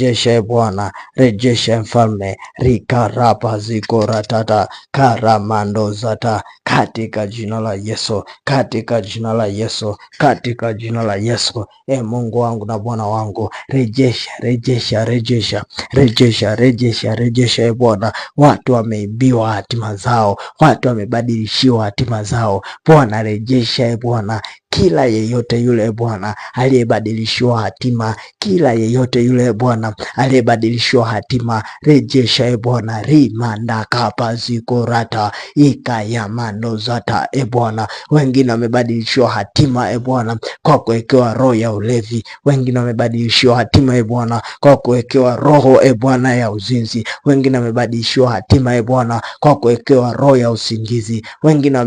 rejeshe e Bwana, rejesha Mfalme. rikarapa ziko ratata karamando zata, katika jina la Yesu, katika jina la Yesu, katika jina la Yesu. E Mungu wangu na Bwana wangu, rejesha rejesha rejesha rejesha rejesha rejesha, e Bwana. Watu wameibiwa hatima zao, watu wamebadilishiwa hatima zao. Bwana rejesha e Bwana kila yeyote yule Bwana aliyebadilishiwa hatima, kila yeyote yule Bwana aliyebadilishiwa hatima, rejesha e Bwana rimandakapazikorata ikayamandozata e Bwana. Wengine wamebadilishiwa hatima e Bwana kwa kuwekewa roho ya ulevi, wengine wamebadilishiwa hatima e Bwana kwa kuwekewa roho e Bwana ya uzinzi, wengine wamebadilishiwa hatima e Bwana kwa kuwekewa roho ya usingizi, wengine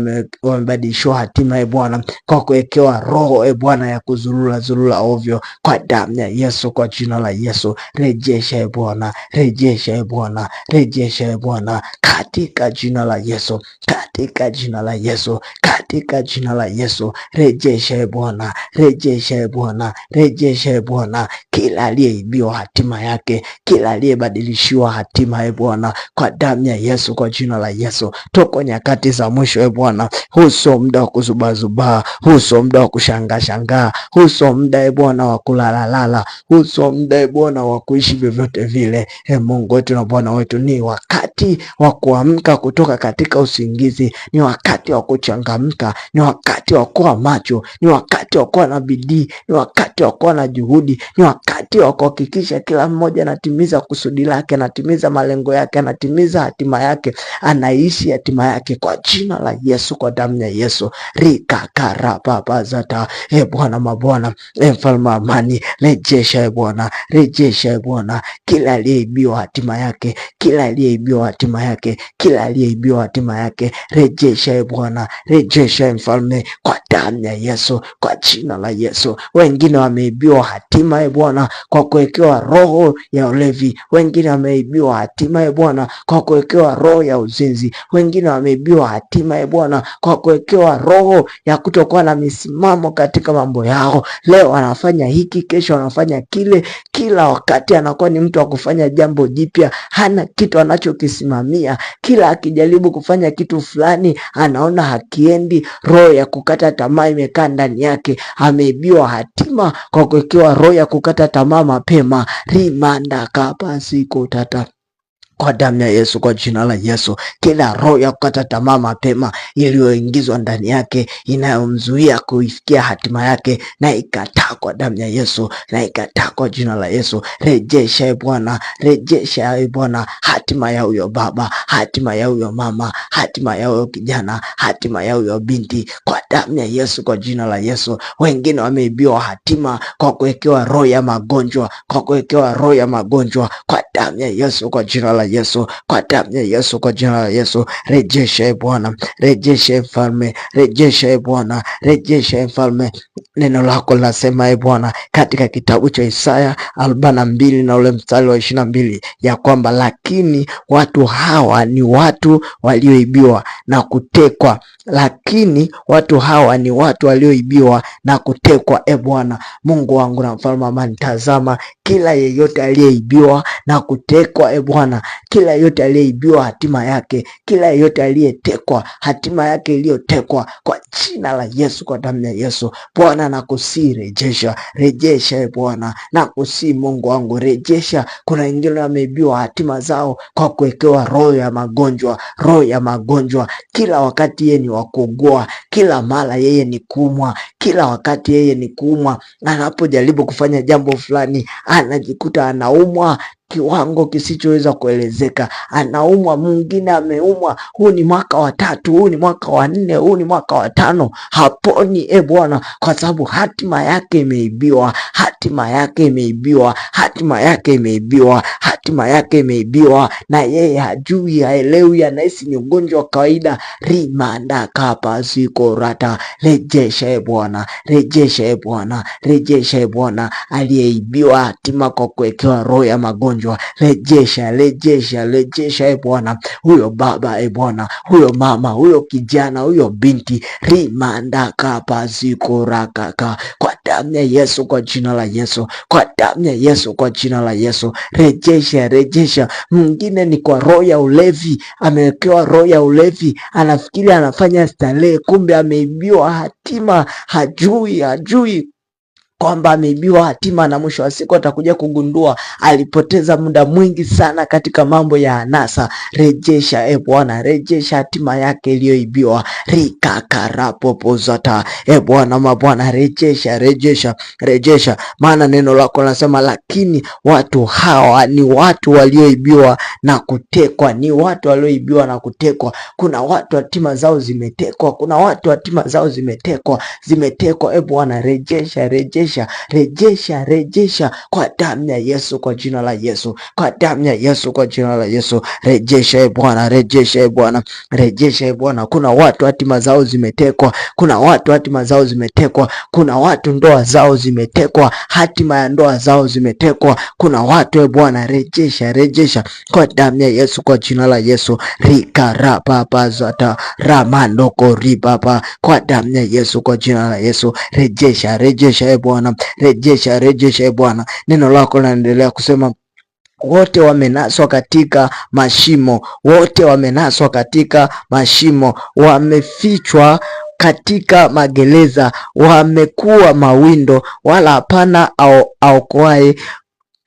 wamebadilishiwa hatima e Bwana kwa kuwekewa umewekewa roho e Bwana ya kuzurura zurura ovyo, kwa damu ya Yesu, kwa jina la Yesu, rejesha e Bwana, rejesha e Bwana, rejesha e Bwana, katika jina la Yesu, katika jina la Yesu, katika jina la Yesu, rejesha e Bwana, rejesha e Bwana, rejesha e Bwana, kila aliyeibiwa hatima yake, kila aliyebadilishiwa hatima e Bwana, kwa damu ya Yesu, kwa jina la Yesu, toko nyakati za mwisho e Bwana, huso muda wa kuzubazubaa huso muda wa kushangaa shangaa, huu sio muda Bwana wa kulalalala, huu sio muda Bwana wa kuishi vyovyote vile. E Mungu wetu na Bwana wetu, ni wakati wa kuamka kutoka katika usingizi, ni wakati wa kuchangamka, ni wakati wa kuwa macho, ni wakati wa kuwa na bidii, ni wakati wa kuwa na juhudi, ni wakati wa kuhakikisha kila mmoja anatimiza kusudi lake, anatimiza malengo yake, anatimiza hatima yake, anaishi hatima yake, kwa jina la Yesu, kwa damu ya Yesu rikakarapapa pazata. E eh, Bwana mabwana, e eh, mfalme amani, rejesha e Bwana, rejesha e Bwana kila aliyeibiwa hatima yake, kila aliyeibiwa hatima yake, kila aliyeibiwa hatima yake, rejesha e Bwana, rejesha e mfalme, kwa damu ya Yesu, kwa jina la Yesu. Wengine wameibiwa hatima e Bwana kwa kuwekewa roho ya ulevi, wengine wameibiwa hatima e Bwana kwa kuwekewa roho ya uzinzi, wengine wameibiwa hatima e Bwana kwa kuwekewa roho ya kutokuwa na misi msimamo katika mambo yao. Leo anafanya hiki, kesho anafanya kile, kila wakati anakuwa ni mtu wa kufanya jambo jipya, hana kitu anachokisimamia. Kila akijaribu kufanya kitu fulani anaona hakiendi. Roho ya kukata tamaa imekaa ndani yake, ameibiwa hatima kwa kuwekewa roho ya kukata tamaa mapema. rimanda kapasiko tata kwa damu ya Yesu, kwa jina la Yesu, kila roho ya kukata tamaa mapema iliyoingizwa ndani yake inayomzuia kuifikia hatima yake, na ikataa kwa damu ya Yesu, na ikataa kwa jina la Yesu. Rejesha e Bwana, rejesha e Bwana hatima ya huyo baba, hatima ya huyo mama, hatima ya huyo kijana, hatima ya huyo binti, kwa damu ya Yesu, kwa jina la Yesu. Wengine wameibiwa hatima kwa kuwekewa roho ya magonjwa, kwa kuwekewa roho ya magonjwa, kwa damu ya Yesu, kwa jina la la Yesu, kwa damu ya Yesu, kwa jina la Yesu. Rejesha e Bwana, rejesha e Mfalme, rejesha e Bwana, rejesha e Mfalme. Neno lako linasema e Bwana katika kitabu cha Isaya arobaini na mbili na ule mstari wa ishirini na mbili ya kwamba lakini watu hawa ni watu walioibiwa na kutekwa lakini watu hawa ni watu walioibiwa na kutekwa. E Bwana Mungu wangu na mfalme amani, tazama kila yeyote aliyeibiwa na kutekwa, e Bwana, kila yeyote aliyeibiwa hatima yake, kila yeyote aliyetekwa hatima yake iliyotekwa, kwa jina la Yesu, kwa damu ya Yesu. Bwana nakusii, rejesha, rejesha e Bwana, nakusii Mungu wangu, rejesha. Kuna wengine wameibiwa hatima zao kwa kuwekewa roho ya magonjwa, roho ya magonjwa kila wakati yeni wa kugoa kila mara, yeye ni kumwa kila wakati, yeye ni kumwa Anapojaribu kufanya jambo fulani anajikuta anaumwa kiwango kisichoweza kuelezeka, anaumwa mwingine, ameumwa huu ni mwaka wa tatu, huu ni mwaka wa nne, huu ni mwaka wa tano, haponi e Bwana, kwa sababu hatima yake imeibiwa, hatima yake imeibiwa, hatima yake imeibiwa, hatima yake imeibiwa, na yeye hajui, haelewi, anahisi ni ugonjwa wa kawaida. rimanda rata rejesha e Bwana, rejesha e Bwana, rejesha e Bwana, aliyeibiwa hatima kwa kuwekewa roho ya magonjwa mgonjwa, rejesha, rejesha, rejesha e Bwana, huyo baba e Bwana, huyo mama, huyo kijana, huyo binti, rimandakapazikorakaka kwa damu ya Yesu, kwa jina la Yesu, kwa damu ya Yesu, kwa jina la Yesu, rejesha, rejesha. Mwingine ni kwa roho ya ulevi, amewekewa roho ya ulevi, anafikiri anafanya starehe, kumbe ameibiwa hatima, hajui, hajui kwamba ameibiwa hatima na mwisho wa siku atakuja kugundua alipoteza muda mwingi sana katika mambo ya anasa. Rejesha e Bwana, rejesha hatima yake iliyoibiwa rikakarapopozata e eh, Bwana, mabwana, rejesha, rejesha, rejesha, maana neno lako linasema, lakini watu hawa ni watu walioibiwa na kutekwa, ni watu walioibiwa na kutekwa. Kuna watu hatima zao zimetekwa, kuna watu hatima zao zimetekwa, zimetekwa. E Bwana, rejesha, rejesha rejesha, rejesha, rejesha kwa damu ya Yesu, kwa jina la Yesu, kwa damu ya Yesu, kwa jina la Yesu. Rejesha e Bwana, rejesha e Bwana, rejesha e Bwana. Kuna watu hatima zao zimetekwa, kuna watu hatima zao zimetekwa, kuna watu ndoa zao zimetekwa, hatima ya ndoa zao zimetekwa. Kuna watu e Bwana, rejesha, rejesha kwa damu ya Yesu, kwa jina la Yesu. rikarapapazata ramandoko ribaba, kwa damu ya Yesu, kwa jina la Yesu. Rejesha, rejesha e Bwana. Bwana, rejesha, rejesha e Bwana. Neno lako linaendelea kusema wote wamenaswa katika mashimo, wote wamenaswa katika mashimo, wamefichwa katika magereza, wamekuwa mawindo, wala hapana aokoaye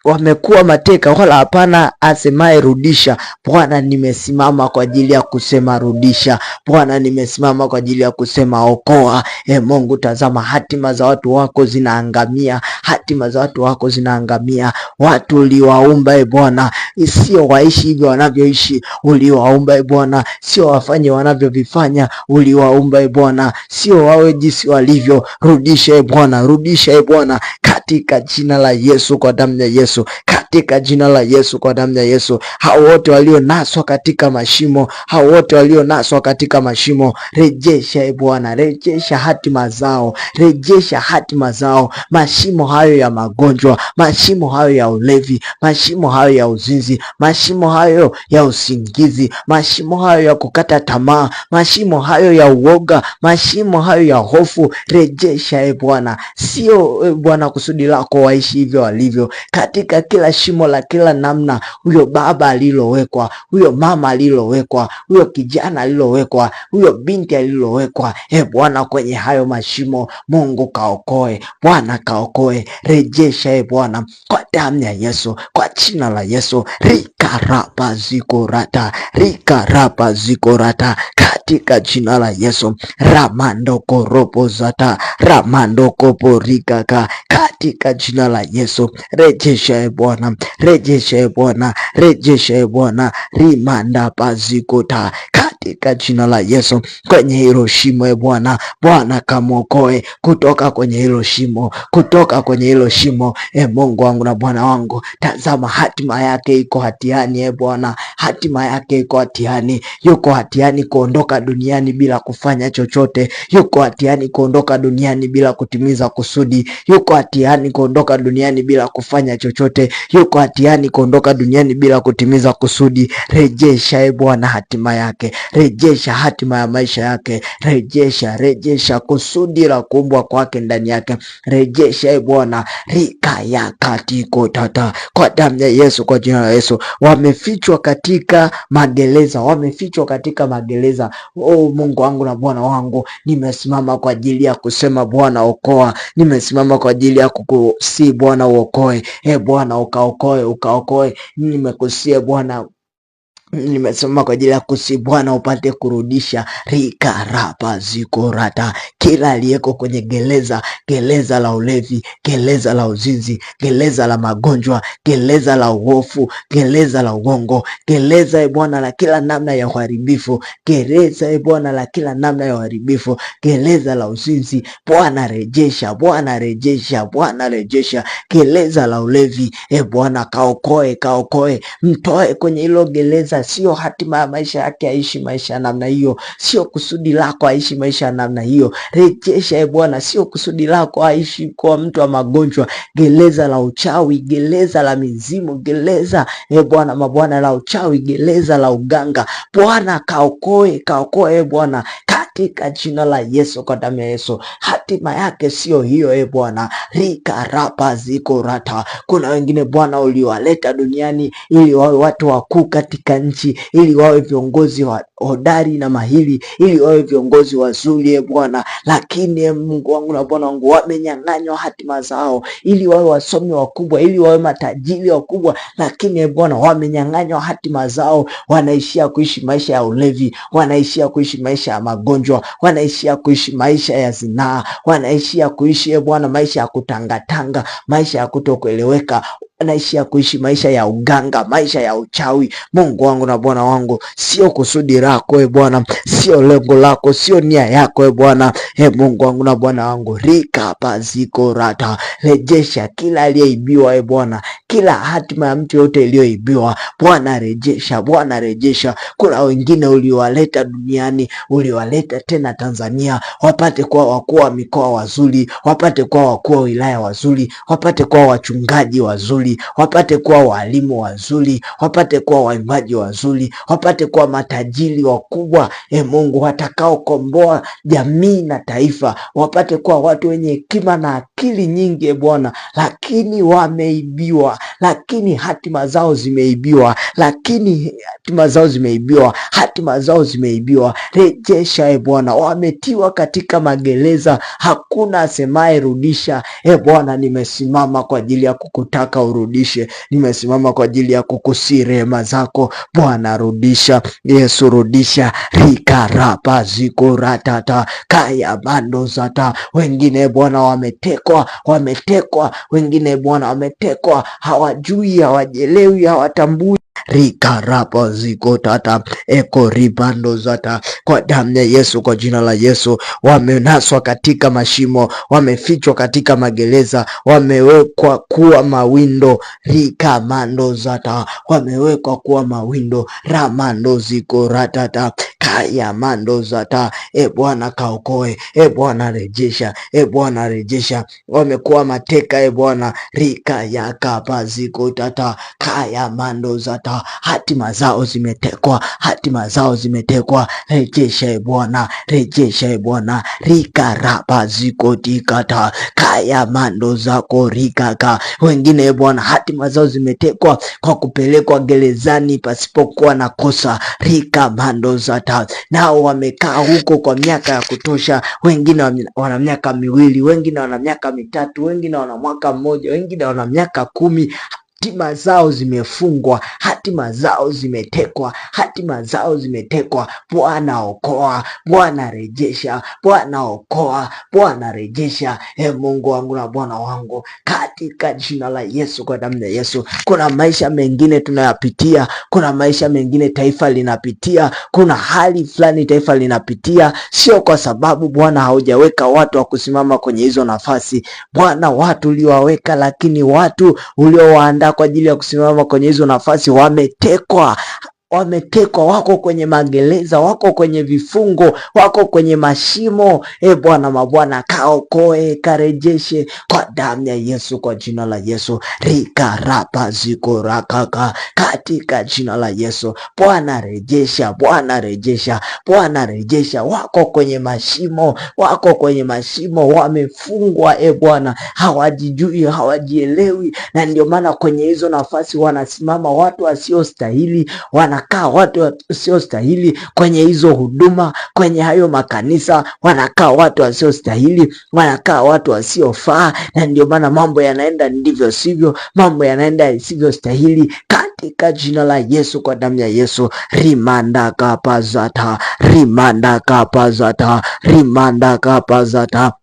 wamekuwa mateka, wala hapana asemaye rudisha. Bwana, nimesimama kwa ajili ya kusema rudisha. Bwana, nimesimama kwa ajili ya kusema okoa. E Mungu, tazama hatima za watu wako zinaangamia, hatima za watu wako zinaangamia. Watu uliwaumba e Bwana, sio waishi hivyo wanavyoishi. Uliwaumba e Bwana, sio wafanye wanavyovifanya. Uliwaumba e Bwana, sio wawe jinsi walivyo. Rudisha e Bwana, rudisha e Bwana, katika jina la Yesu, kwa damu ya Yesu. Yesu, katika jina la Yesu, kwa damu ya Yesu. Hao wote walionaswa katika mashimo, hao wote walionaswa katika mashimo, rejesha e Bwana, rejesha hatima zao, rejesha hatima zao, mashimo hayo ya magonjwa, mashimo hayo ya ulevi, mashimo hayo ya uzinzi, mashimo hayo ya usingizi, mashimo hayo ya kukata tamaa, mashimo hayo ya uoga, mashimo hayo ya hofu, rejesha e Bwana. Sio e Bwana kusudi lako waishi hivyo walivyo kati katika kila shimo la kila namna, huyo baba alilowekwa, huyo mama alilowekwa, huyo kijana alilowekwa, huyo binti alilowekwa. E Bwana, kwenye hayo mashimo Mungu kaokoe, Bwana kaokoe, rejesha e Bwana, kwa damu ya Yesu, kwa jina la Yesu rikarapa zikorata rikarapa zikorata katika jina la Yesu ramandokoropozata ramandokoporikaka katika jina la Yesu rejesha rejesha e Bwana, rejesha e Bwana, rejesha e Bwana, rimanda pazikota katika jina la Yesu kwenye hilo shimo e Bwana. Bwana kamwokoe kutoka kwenye hilo shimo, kutoka kwenye hilo shimo e Mungu wangu na Bwana wangu, tazama hatima yake iko hatiani e Bwana, hatima yake iko hatiani, yuko hatiani kuondoka duniani bila kufanya chochote, yuko hatiani kuondoka duniani bila kutimiza kusudi, yuko hatiani kuondoka duniani bila kufanya chochote chochote, yuko hatiani kuondoka duniani bila kutimiza kusudi. Rejesha e Bwana hatima yake, rejesha hatima ya maisha yake, rejesha, rejesha kusudi la kuumbwa kwake ndani yake, rejesha e Bwana rika ya katiko tata, kwa damu ya Yesu, kwa jina la Yesu. Wamefichwa katika magereza, wamefichwa katika magereza. Oh Mungu wangu na Bwana wangu, nimesimama kwa ajili ya kusema Bwana okoa, nimesimama kwa ajili ya kukusi Bwana uokoe e Bwana ukaokoe, ukaokoe. Nimekusia Bwana Nimesoma kwa ajili ya kusi bwana upate kurudisha rika rapa zikorata. Kila aliyeko kwenye gereza, geleza la ulevi, geleza la uzinzi, geleza la magonjwa, geleza la uofu, geleza la uongo, geleza e Bwana la kila namna ya uharibifu, gereza e Bwana la kila namna ya uharibifu, gereza la uzinzi. Bwana rejesha, Bwana rejesha, Bwana rejesha geleza la ulevi. E Bwana kaokoe, kaokoe, mtoe kwenye hilo gereza kabisa, sio hatima ya maisha yake aishi maisha ya namna hiyo, sio kusudi lako aishi maisha ya namna hiyo. Rejesha e Bwana, sio kusudi lako aishi kwa mtu wa magonjwa, gereza la uchawi, gereza la mizimu, geleza e Bwana mabwana la uchawi, gereza la uganga. Bwana kaokoe, kaokoe e Bwana katika jina la Yesu, kwa damu ya Yesu. Hatima yake sio hiyo, e Bwana rikarapa ziko rata. Kuna wengine Bwana uliowaleta duniani ili wawe watu wakuu katika nchi, ili wawe viongozi wa hodari na mahili ili wawe viongozi wazuri e Bwana, lakini e Mungu wangu na Bwana wangu, wamenyang'anywa hatima zao, ili wawe wasomi wakubwa, ili wawe matajiri wakubwa, lakini e Bwana, wamenyang'anywa hatima zao, wanaishia kuishi maisha ya ulevi, wanaishia kuishi maisha ya magonjwa magonjwa, wanaishia kuishi maisha ya zinaa, wanaishia kuishi e Bwana maisha ya kutangatanga, maisha ya kutokueleweka anaishia kuishi maisha ya uganga, maisha ya uchawi. Mungu wangu na Bwana wangu, sio kusudi lako e Bwana, sio lengo lako, sio nia yako e Bwana. E Mungu wangu na Bwana wangu, rika paziko rata, rejesha kila aliyeibiwa e Bwana, kila hatima ya mtu yote iliyoibiwa Bwana, rejesha Bwana, rejesha. Kuna wengine uliowaleta duniani, uliowaleta tena Tanzania, wapate kuwa wakuu wa mikoa wazuri, wapate kuwa wakuu wa wilaya wazuri, wapate kuwa wachungaji wazuri wazuri, wapate kuwa walimu wazuri, wapate kuwa waimbaji wazuri, wapate kuwa matajiri wakubwa, e Mungu, watakaokomboa jamii na taifa, wapate kuwa watu wenye hekima na akili nyingi, e Bwana, lakini wameibiwa, lakini hatima zao zimeibiwa, lakini hatima zao zimeibiwa, hatima zao zimeibiwa. Rejesha e Bwana, wametiwa katika magereza, hakuna asemaye rudisha. E Bwana, nimesimama kwa ajili ya kukutaka urudishe. Nimesimama kwa ajili ya kukusi rehema zako Bwana, rudisha Yesu, rudisha rikarapa zikuratata kaya zata. Wengine Bwana wametekwa, wametekwa, wengine Bwana wametekwa, hawajui, hawajelewi, hawatambui ziko zikotata eko ribando zata. Kwa damu ya Yesu, kwa jina la Yesu, wamenaswa katika mashimo, wamefichwa katika magereza, wamewekwa kuwa mawindo rikamando zata, wamewekwa kuwa mawindo ramando ratata kaya mando zata. E Bwana kaokoe, e Bwana rejesha, e Bwana rejesha, wamekuwa mateka, e Bwana rika yakapa tata kaya mando zata wamepata, hatima zao zimetekwa, hatima zao zimetekwa. Rejesha e Bwana, rejesha e Bwana. ziko zikotikata kaya mando zako rikaka. Wengine e Bwana, hatima zao zimetekwa kwa kupelekwa gerezani pasipokuwa na kosa, rika mando zata, nao wamekaa huko kwa miaka ya kutosha. Wengine wana miaka miwili, wengine wana miaka mitatu, wengine wana mwaka mmoja, wengine wana miaka kumi hatima zao zimefungwa, hatima zao zimetekwa, hatima zao zimetekwa. Bwana okoa, Bwana rejesha, Bwana okoa, Bwana rejesha. E Mungu wangu na Bwana wangu, katika jina la Yesu, kwa damu ya Yesu. Kuna maisha mengine tunayapitia, kuna maisha mengine taifa linapitia, kuna hali fulani taifa linapitia, sio kwa sababu Bwana haujaweka watu wa kusimama kwenye hizo nafasi. Bwana watu uliowaweka, lakini watu uliowaandaa kwa ajili ya kusimama kwenye hizo nafasi wametekwa wametekwa, wako kwenye magereza, wako kwenye vifungo, wako kwenye mashimo. E Bwana mabwana, kaokoe, karejeshe kwa damu ya Yesu, kwa jina la Yesu rikarapa zikorakaka, katika jina la Yesu. Bwana rejesha, Bwana rejesha, Bwana rejesha. Wako kwenye mashimo, wako kwenye mashimo, wamefungwa e Bwana, hawajijui hawajielewi, na ndio maana kwenye hizo nafasi wanasimama watu wasiostahili wana wanakaa watu wasiostahili kwenye hizo huduma, kwenye hayo makanisa wanakaa watu wasiostahili, wanakaa watu wasiofaa, na ndio maana mambo yanaenda ndivyo sivyo, mambo yanaenda isivyostahili katika jina la Yesu, kwa damu ya Yesu. rimanda kapazata rimanda kapazata rimanda kapazata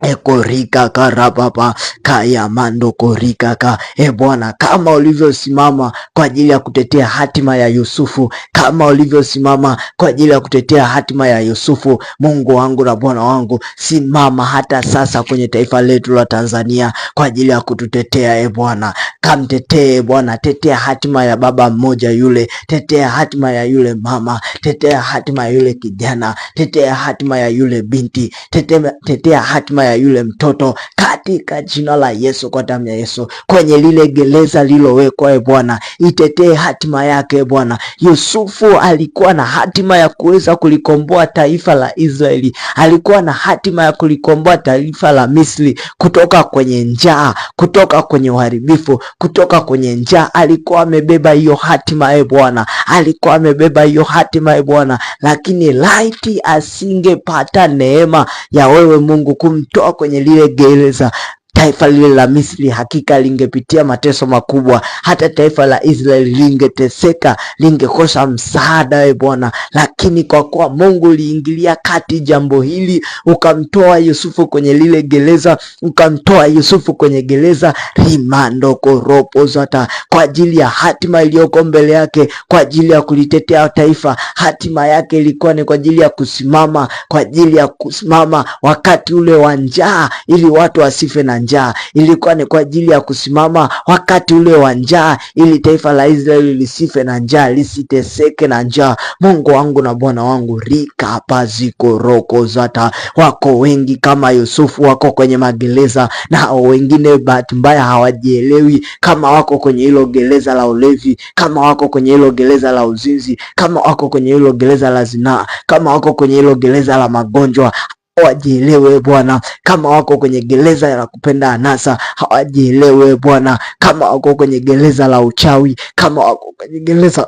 ekorika karababa kayamando korika ka e Bwana, kama ulivyosimama kwa ajili ya kutetea hatima ya Yusufu, kama ulivyosimama kwa ajili ya kutetea hatima ya Yusufu, Mungu wangu na Bwana wangu, simama hata sasa kwenye taifa letu la Tanzania kwa ajili ya kututetea. E Bwana, kamtetee e Bwana, tetea hatima ya baba mmoja yule, tetea hatima ya yule mama, tetea hatima ya yule kijana, tetea hatima ya yule binti, tetea, tetea hatima ya ya yule mtoto katika jina la Yesu, kwa damu ya Yesu, kwenye lile gereza lilowekwa, e ee Bwana, itetee hatima yake e Bwana. Yusufu alikuwa na hatima ya kuweza kulikomboa taifa la Israeli, alikuwa na hatima ya kulikomboa taifa la Misri kutoka kwenye njaa, kutoka kwenye uharibifu, kutoka kwenye njaa. Alikuwa amebeba hiyo hatima e Bwana alikuwa amebeba hiyo hatima e Bwana, lakini laiti asingepata neema ya wewe Mungu kumtoa kwenye lile gereza, Taifa lile la Misri hakika lingepitia mateso makubwa, hata taifa la Israeli lingeteseka, lingekosa msaada, we Bwana. Lakini kwa kuwa Mungu uliingilia kati jambo hili, ukamtoa Yusufu kwenye lile gereza, ukamtoa Yusufu kwenye gereza rimando koropo zata, kwa ajili ya hatima iliyoko mbele yake, kwa ajili ya kulitetea taifa. Hatima yake ilikuwa ni kwa ajili ya kusimama, kwa ajili ya kusimama wakati ule wa njaa, ili watu wasife na njaa, ilikuwa ni kwa ajili ya kusimama wakati ule wa njaa, ili taifa la Israeli lisife na njaa, lisiteseke na njaa. Mungu wangu na Bwana wangu, rika paziko roko zata, wako wengi kama Yusufu, wako kwenye magereza na hao wengine bahati mbaya hawajielewi kama wako kwenye hilo gereza la ulevi, kama wako kwenye hilo gereza la uzinzi, kama wako kwenye hilo gereza la zinaa, kama wako kwenye hilo gereza la magonjwa hawajielewe Bwana, kama wako kwenye gereza la kupenda anasa hawajielewe Bwana, kama wako kwenye gereza la uchawi, kama wako kwenye gereza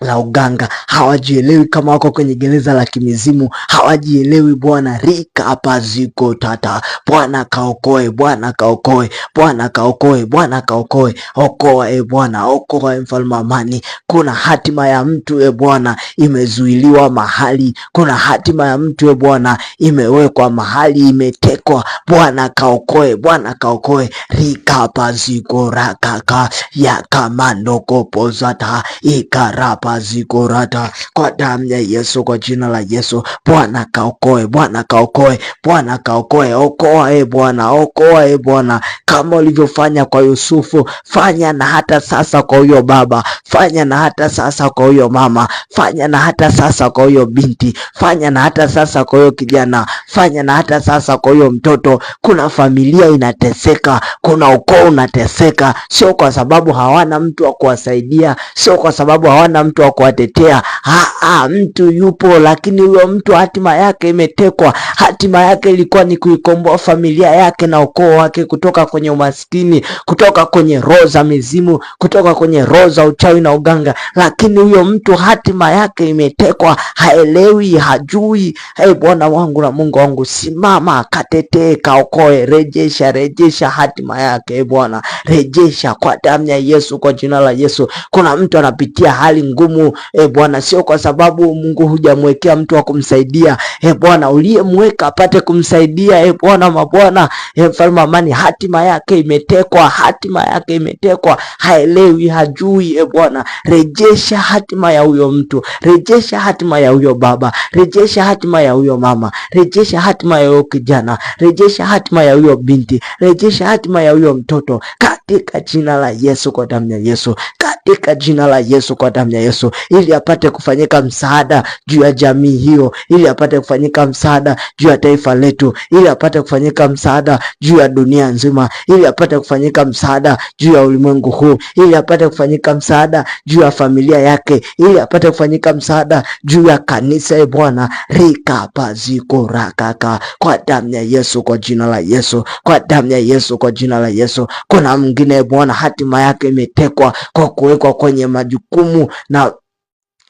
la uganga, hawajielewi kama wako kwenye gereza la kimizimu, hawajielewi Bwana. Rika hapa ziko tata, Bwana kaokoe, Bwana kaokoe, Bwana kaokoe, Bwana kaokoe, okoa e Bwana, okoa e mfalme amani. Kuna hatima ya mtu e Bwana imezuiliwa mahali, kuna hatima ya mtu e Bwana imewekwa mahali, imetekwa. Bwana kaokoe, Bwana kaokoe. Rika hapa ziko rakaka yakamandokopozata ikarapa paziko korata kwa damu ya Yesu, kwa jina la Yesu. Bwana kaokoe, Bwana kaokoe, Bwana kaokoe, okoa e Bwana, okoa e Bwana, kama ulivyofanya kwa Yusufu, fanya na hata sasa kwa huyo baba, fanya na hata sasa kwa huyo mama, fanya na hata sasa kwa huyo binti, fanya na hata sasa kwa huyo kijana, fanya na hata sasa kwa huyo mtoto. Kuna familia inateseka, kuna ukoo unateseka, sio kwa sababu hawana mtu wa kuwasaidia, sio kwa sababu hawana mtu mtu wa kuwatetea. Aa, mtu yupo, lakini huyo mtu hatima yake imetekwa. Hatima yake ilikuwa ni kuikomboa familia yake na ukoo wake kutoka kwenye umaskini, kutoka kwenye roho za mizimu, kutoka kwenye roho za uchawi na uganga, lakini huyo mtu hatima yake imetekwa, haelewi, hajui. Hey, Bwana wangu na Mungu wangu, simama, katetee, kaokoe, rejesha, rejesha hatima yake. Hey, Bwana rejesha kwa damu ya Yesu, kwa jina la Yesu. Kuna mtu anapitia hali ngumu magumu e Bwana, sio kwa sababu Mungu hujamwekea mtu wa kumsaidia e Bwana, uliyemweka apate kumsaidia e Bwana, mabwana e mfalme amani, hatima yake imetekwa, hatima yake imetekwa, haelewi, hajui e Bwana, rejesha hatima ya huyo mtu, rejesha hatima ya huyo baba, rejesha hatima ya huyo mama, rejesha hatima ya huyo kijana, rejesha hatima ya huyo binti, rejesha hatima ya huyo mtoto katika jina la Yesu, kwa damu ya Yesu, katika jina la Yesu, kwa damu ya Yesu. Yesu ili apate kufanyika msaada juu ya jamii hiyo, ili apate kufanyika msaada juu ya taifa letu, ili apate kufanyika msaada juu ya dunia nzima, ili apate kufanyika msaada juu ya ulimwengu huu, ili apate kufanyika msaada juu ya familia yake, ili apate kufanyika msaada juu ya kanisa. E Bwana, rakaka kwa damu ya Yesu, kwa jina la Yesu, kwa damu ya Yesu, kwa jina la Yesu. Kuna mwingine e Bwana, hatima yake imetekwa kwa kuwekwa kwenye majukumu na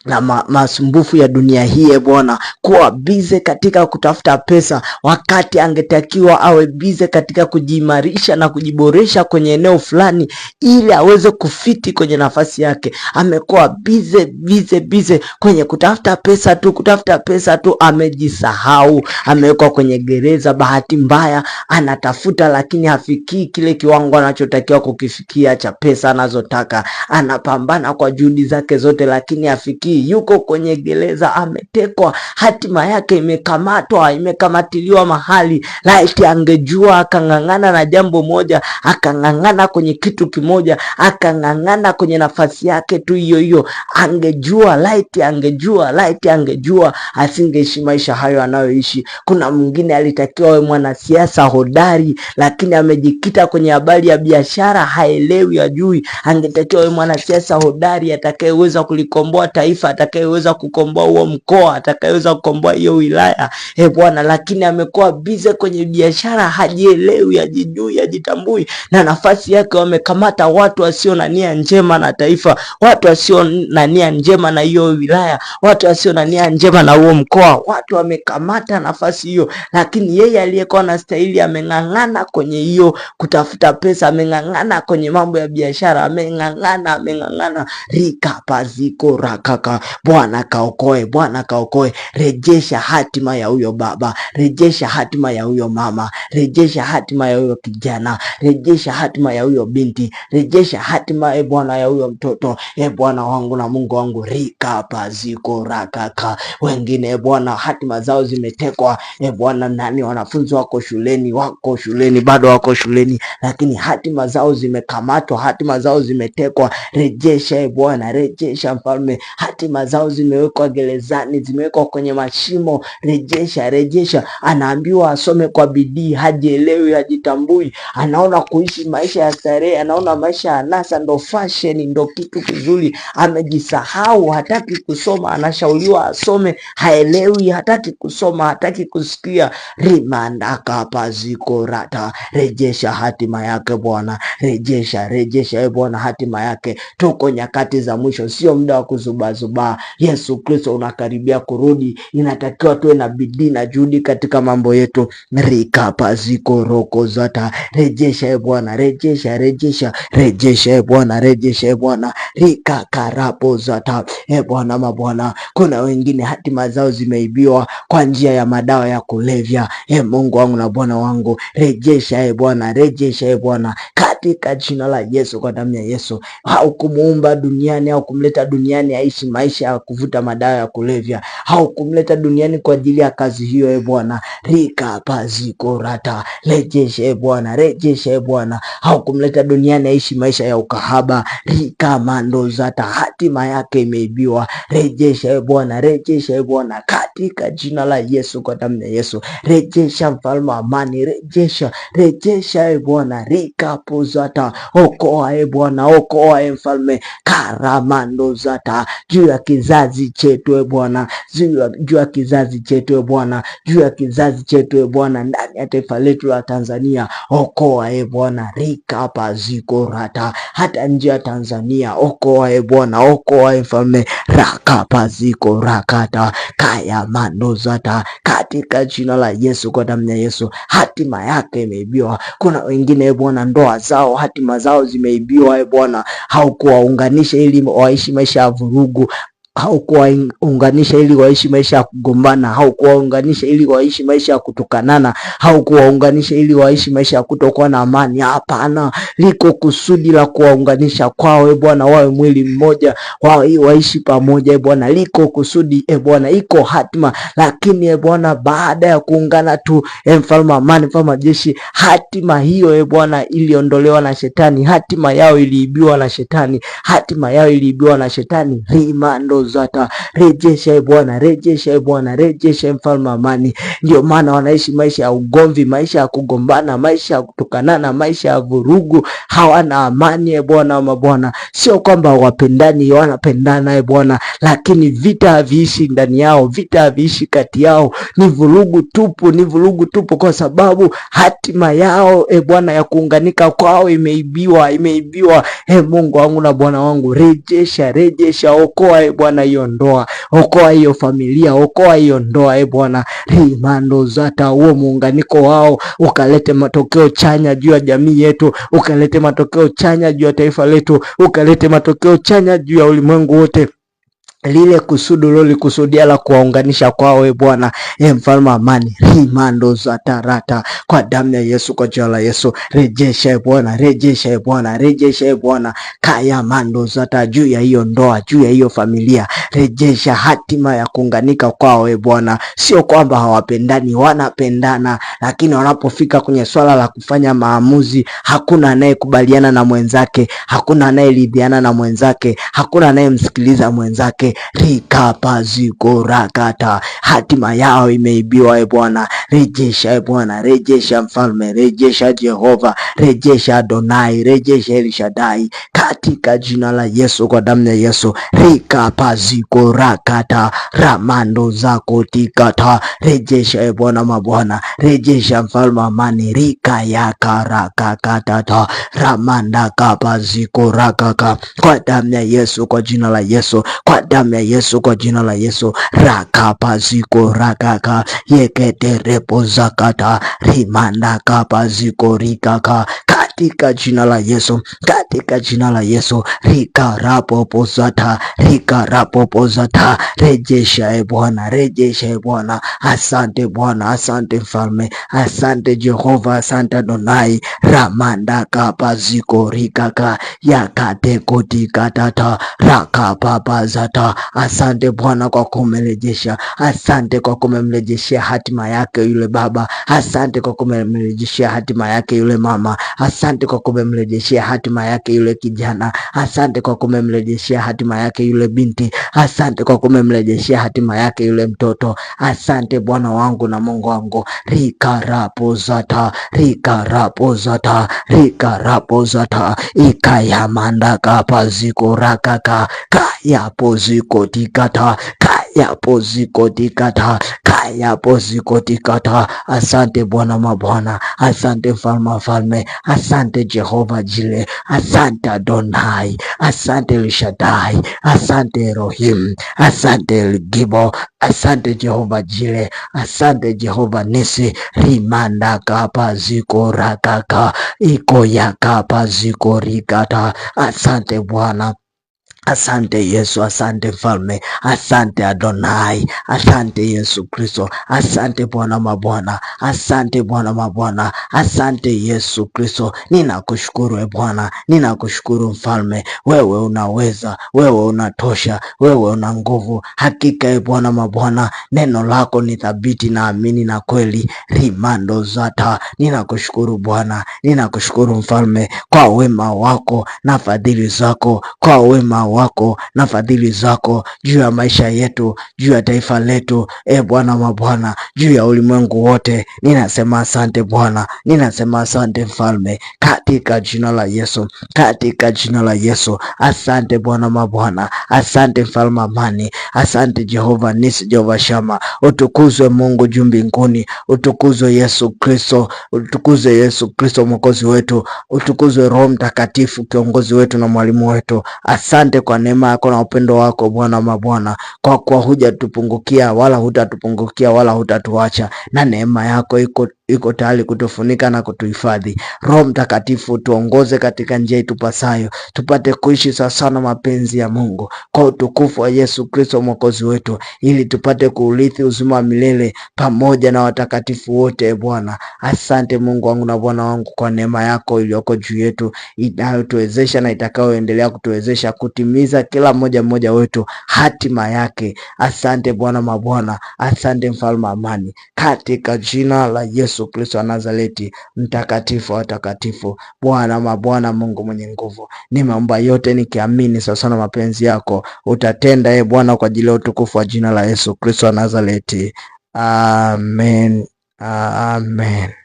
na ma, masumbufu ya dunia hii e Bwana, kuwa bize katika kutafuta pesa wakati angetakiwa awe bize katika kujiimarisha na kujiboresha kwenye eneo fulani ili aweze kufiti kwenye nafasi yake. Amekuwa bize bize bize kwenye kutafuta pesa tu, kutafuta pesa tu, amejisahau. Amewekwa kwenye gereza, bahati mbaya anatafuta, lakini hafikii kile kiwango anachotakiwa kukifikia cha pesa anazotaka. Anapambana kwa juhudi zake zote, lakini hafikii hii, yuko kwenye gereza, ametekwa, hatima yake imekamatwa, imekamatiliwa mahali. Laiti angejua akang'ang'ana na jambo moja, akang'ang'ana kwenye kitu kimoja, akang'ang'ana kwenye nafasi yake tu hiyo hiyo, angejua. Laiti angejua, laiti angejua, asingeishi maisha hayo anayoishi. Kuna mwingine alitakiwa awe mwanasiasa hodari, lakini amejikita kwenye habari ya biashara, haelewi, ajui Angetakiwa awe mwanasiasa hodari atakayeweza kulikomboa taifa taifa, atakayeweza kukomboa huo mkoa, atakayeweza kukomboa hiyo wilaya, e Bwana. Lakini amekuwa bize kwenye biashara, hajielewi, hajijui, hajitambui, na nafasi yake wamekamata watu wasio na nia njema na taifa, watu wasio na nia njema na hiyo wilaya, watu wasio na nia njema na huo mkoa, watu wamekamata nafasi hiyo. Lakini yeye aliyekuwa na stahili ameng'ang'ana kwenye hiyo kutafuta pesa, ameng'ang'ana kwenye mambo ya biashara, ameng'ang'ana, ameng'ang'ana paziko rakaka Bwana, kaokoe, Bwana kaokoe. Rejesha hatima ya huyo baba, rejesha hatima ya huyo mama, rejesha hatima ya huyo kijana, rejesha hatima ya huyo binti, rejesha hatima e Bwana ya huyo mtoto. E Bwana wangu na Mungu wangu, rikapaziko rakaka. Wengine e Bwana, hatima zao zimetekwa e Bwana. Nani wanafunzi wako shuleni, wako shuleni, bado wako shuleni, lakini hatima zao zimekamatwa, hatima zao zimetekwa. Rejesha e Bwana, rejesha mfalme hatima zao zimewekwa gerezani, zimewekwa kwenye mashimo. Rejesha, rejesha. Anaambiwa asome kwa bidii, hajielewi, hajitambui, anaona kuishi maisha ya starehe, anaona maisha ya anasa ndo fashion, ndo kitu kizuri. Amejisahau, hataki kusoma, anashauriwa asome, haelewi, hataki kusoma, hataki kusikia. rimandaka pazikorata, rejesha hatima yake Bwana, rejesha, rejesha e Bwana hatima yake. Tuko nyakati za mwisho, sio muda wa kuzubazu mshumaa. Yesu Kristo unakaribia kurudi, inatakiwa tuwe na bidii na juhudi katika mambo yetu. rikapazikorokosata rejesha e Bwana, rejesha, rejesha, rejesha e Bwana, rejesha e Bwana, rikakarapozata e Bwana. Mabwana, kuna wengine hatima zao zimeibiwa kwa njia ya madawa ya kulevya. E Mungu wangu na Bwana wangu, rejesha e Bwana, rejesha e Bwana katika jina la Yesu, kwa damu ya Yesu. Haukumuumba duniani au kumleta duniani aishi maisha ya kuvuta madawa ya kulevya. Haukumleta duniani kwa ajili ya kazi hiyo. E Bwana, rika pazi korata rejesha e Bwana, rejesha e Bwana. Haukumleta duniani aishi maisha ya ukahaba, rika mando zata, hatima yake imeibiwa. Rejesha e Bwana, rejesha e Bwana katika jina la Yesu, kwa damu ya Yesu, rejesha mfalme wa amani, rejesha, rejesha e Bwana, rikapozata okoa, e Bwana, okoa e mfalme karamandozata, juu ya kizazi chetu e Bwana, juu ya kizazi chetu e Bwana, juu ya kizazi chetu e Bwana, ndani ya taifa letu la Tanzania, okoa e Bwana, rikapazikorata, hata nje ya Tanzania, okoa e Bwana, okoa e mfalme rakapaziko rakata kaya zata katika jina la Yesu, kwa damu ya Yesu, hatima yake imeibiwa. Kuna wengine Bwana, ndoa zao hatima zao zimeibiwa. E Bwana, haukuwaunganisha ili waishi maisha ya vurugu, haukuwaunganisha ili waishi maisha ya kugombana, haukuwaunganisha ili waishi maisha ya kutukanana, haukuwaunganisha ili waishi maisha ya kutokuwa na amani. Hapana, liko kusudi la kuwaunganisha kwao, e Bwana, wawe mwili mmoja, wawe waishi pamoja, e Bwana, liko kusudi, e Bwana, iko hatima. Lakini e Bwana, baada ya kuungana tu, e mfalme amani, mfalme majeshi, hatima hiyo e Bwana iliondolewa na shetani, hatima yao iliibiwa na shetani, hatima yao iliibiwa na shetani rimando zata. Rejesha e Bwana, rejesha e Bwana, rejesha mfalme amani. Ndio maana wanaishi maisha ya ugomvi, maisha ya kugombana, maisha ya kutukanana, maisha ya vurugu, hawana amani e Bwana. Bwana, sio kwamba wapendani, wanapendana e Bwana, lakini vita haviishi ndani yao, vita haviishi kati yao, ni vurugu tupu, ni vurugu tupu, kwa sababu hatima yao e Bwana ya kuunganika kwao imeibiwa, imeibiwa. E Mungu wangu na Bwana wangu, rejesha, rejesha, okoa e Bwana. Bwana hiyo ndoa, okoa hiyo familia, okoa hiyo ndoa e Bwana rimando zata, huo muunganiko wao ukalete matokeo chanya juu ya jamii yetu, ukalete matokeo chanya juu ya taifa letu, ukalete matokeo chanya juu ya ulimwengu wote lile kusudu lolikusudia la kuwaunganisha kwao, e Bwana, e mfalme amani, rimando za tarata kwa damu ya Yesu, kwa jina la Yesu, rejesha e Bwana, rejesha e Bwana, rejesha e Bwana, kaya mando zata juu ya hiyo ndoa, juu ya hiyo familia, rejesha hatima ya kuunganika kwao, e Bwana. Sio kwamba hawapendani, wanapendana, lakini wanapofika kwenye swala la kufanya maamuzi, hakuna anayekubaliana na mwenzake, hakuna anayeridhiana na mwenzake, hakuna anayemsikiliza mwenzake Ee rikapaziko rakata, hatima yao imeibiwa. E Bwana rejesha, e Bwana rejesha, mfalme rejesha, Jehova rejesha, Adonai rejesha, Elishadai katika jina la Yesu, kwa damu ya Yesu. Rikapaziko rakata ramando zako tikata, rejesha e Bwana mabwana, rejesha mfalme amani, rika ya karakakatata ramanda kapaziko rakaka, kwa damu ya Yesu, kwa jina la Yesu, kwa damu damu ya Yesu, kwa jina la Yesu rakapaziko rakaka repo zakata rimanda kapaziko rikaka katika jina la Yesu, katika jina la Yesu rikarapopozata rikarapopozata. Rejesha e Bwana, rejesha e Bwana. Asante Bwana, asante Mfalme, asante Jehova, asante Adonai. ramanda kapaziko rikaka yakatekotikatata rakapapazata Asante Bwana kwa kumrejesha, asante kwa kumemrejeshea hatima yake yule baba, asante kwa kumemrejeshea hatima yake yule mama, asante kwa kumemrejeshea hatima yake yule kijana, asante kwa kumemrejeshea hatima yake yule binti, asante kwa kumemrejeshea hatima yake yule mtoto. Asante Bwana wangu na Mungu wangu, rikarapozata rikarapozata rikarapozata ikayamandaka pazikoraka kayapozika zikotikata kayapo zikotikata kayapo zikotikata. Asante Bwana mabwana, asante Mfalme mfalme, asante Jehova Jile, asante Adonai, asante Elshadai, asante Elohim, asante Elgibo, asante Jehova Jile, asante Jehova Nisi. rimanda kapa ziko rakaka iko yakapa ziko rikata. Asante Bwana Asante Yesu, asante Mfalme, asante Adonai, asante Yesu Kristo, asante Bwana mabwana, asante Bwana mabwana, asante Yesu Kristo. Ninakushukuru e Bwana, ninakushukuru Mfalme, wewe unaweza, wewe unatosha, wewe una nguvu. Hakika e Bwana mabwana, neno lako ni thabiti na amini na kweli, rimando zata. Ninakushukuru Bwana, ninakushukuru Mfalme kwa wema wako na fadhili zako, kwa wema wako na fadhili zako juu ya maisha yetu, juu ya taifa letu, e Bwana wa Bwana, juu ya ulimwengu wote. Ninasema asante Bwana, ninasema asante Mfalme, katika jina la Yesu, katika jina la Yesu. Asante Bwana wa Bwana, asante Mfalme amani, asante Jehova Nisi, Jehova Shama. Utukuzwe Mungu juu mbinguni, utukuzwe Yesu Kristo, utukuzwe Yesu Kristo mwokozi wetu, utukuzwe Roho Mtakatifu kiongozi wetu na mwalimu wetu. Asante kwa neema yako na upendo wako Bwana mabwana, kwa kuwa hujatupungukia wala hutatupungukia wala hutatuacha, na neema yako iko iko tayari kutufunika na kutuhifadhi. Roho Mtakatifu, tuongoze katika njia itupasayo, tupate kuishi sawasawa na mapenzi ya Mungu kwa utukufu wa Yesu Kristo mwokozi wetu, ili tupate kuurithi uzima wa milele pamoja na watakatifu wote. E Bwana, asante Mungu wangu na Bwana wangu kwa neema yako iliyoko juu yetu inayotuwezesha na itakayoendelea kutuwezesha kutimiza kila mmoja mmoja wetu hatima yake. Asante Bwana mabwana, asante mfalme amani, katika jina la Yesu Yesu Kristo wa Nazareti, mtakatifu wa watakatifu, Bwana mabwana, Mungu mwenye nguvu, nimeomba yote nikiamini sasa na mapenzi yako utatenda, ye ee Bwana, kwa ajili ya utukufu wa jina la Yesu Kristo wa Nazareti. Amen, amen.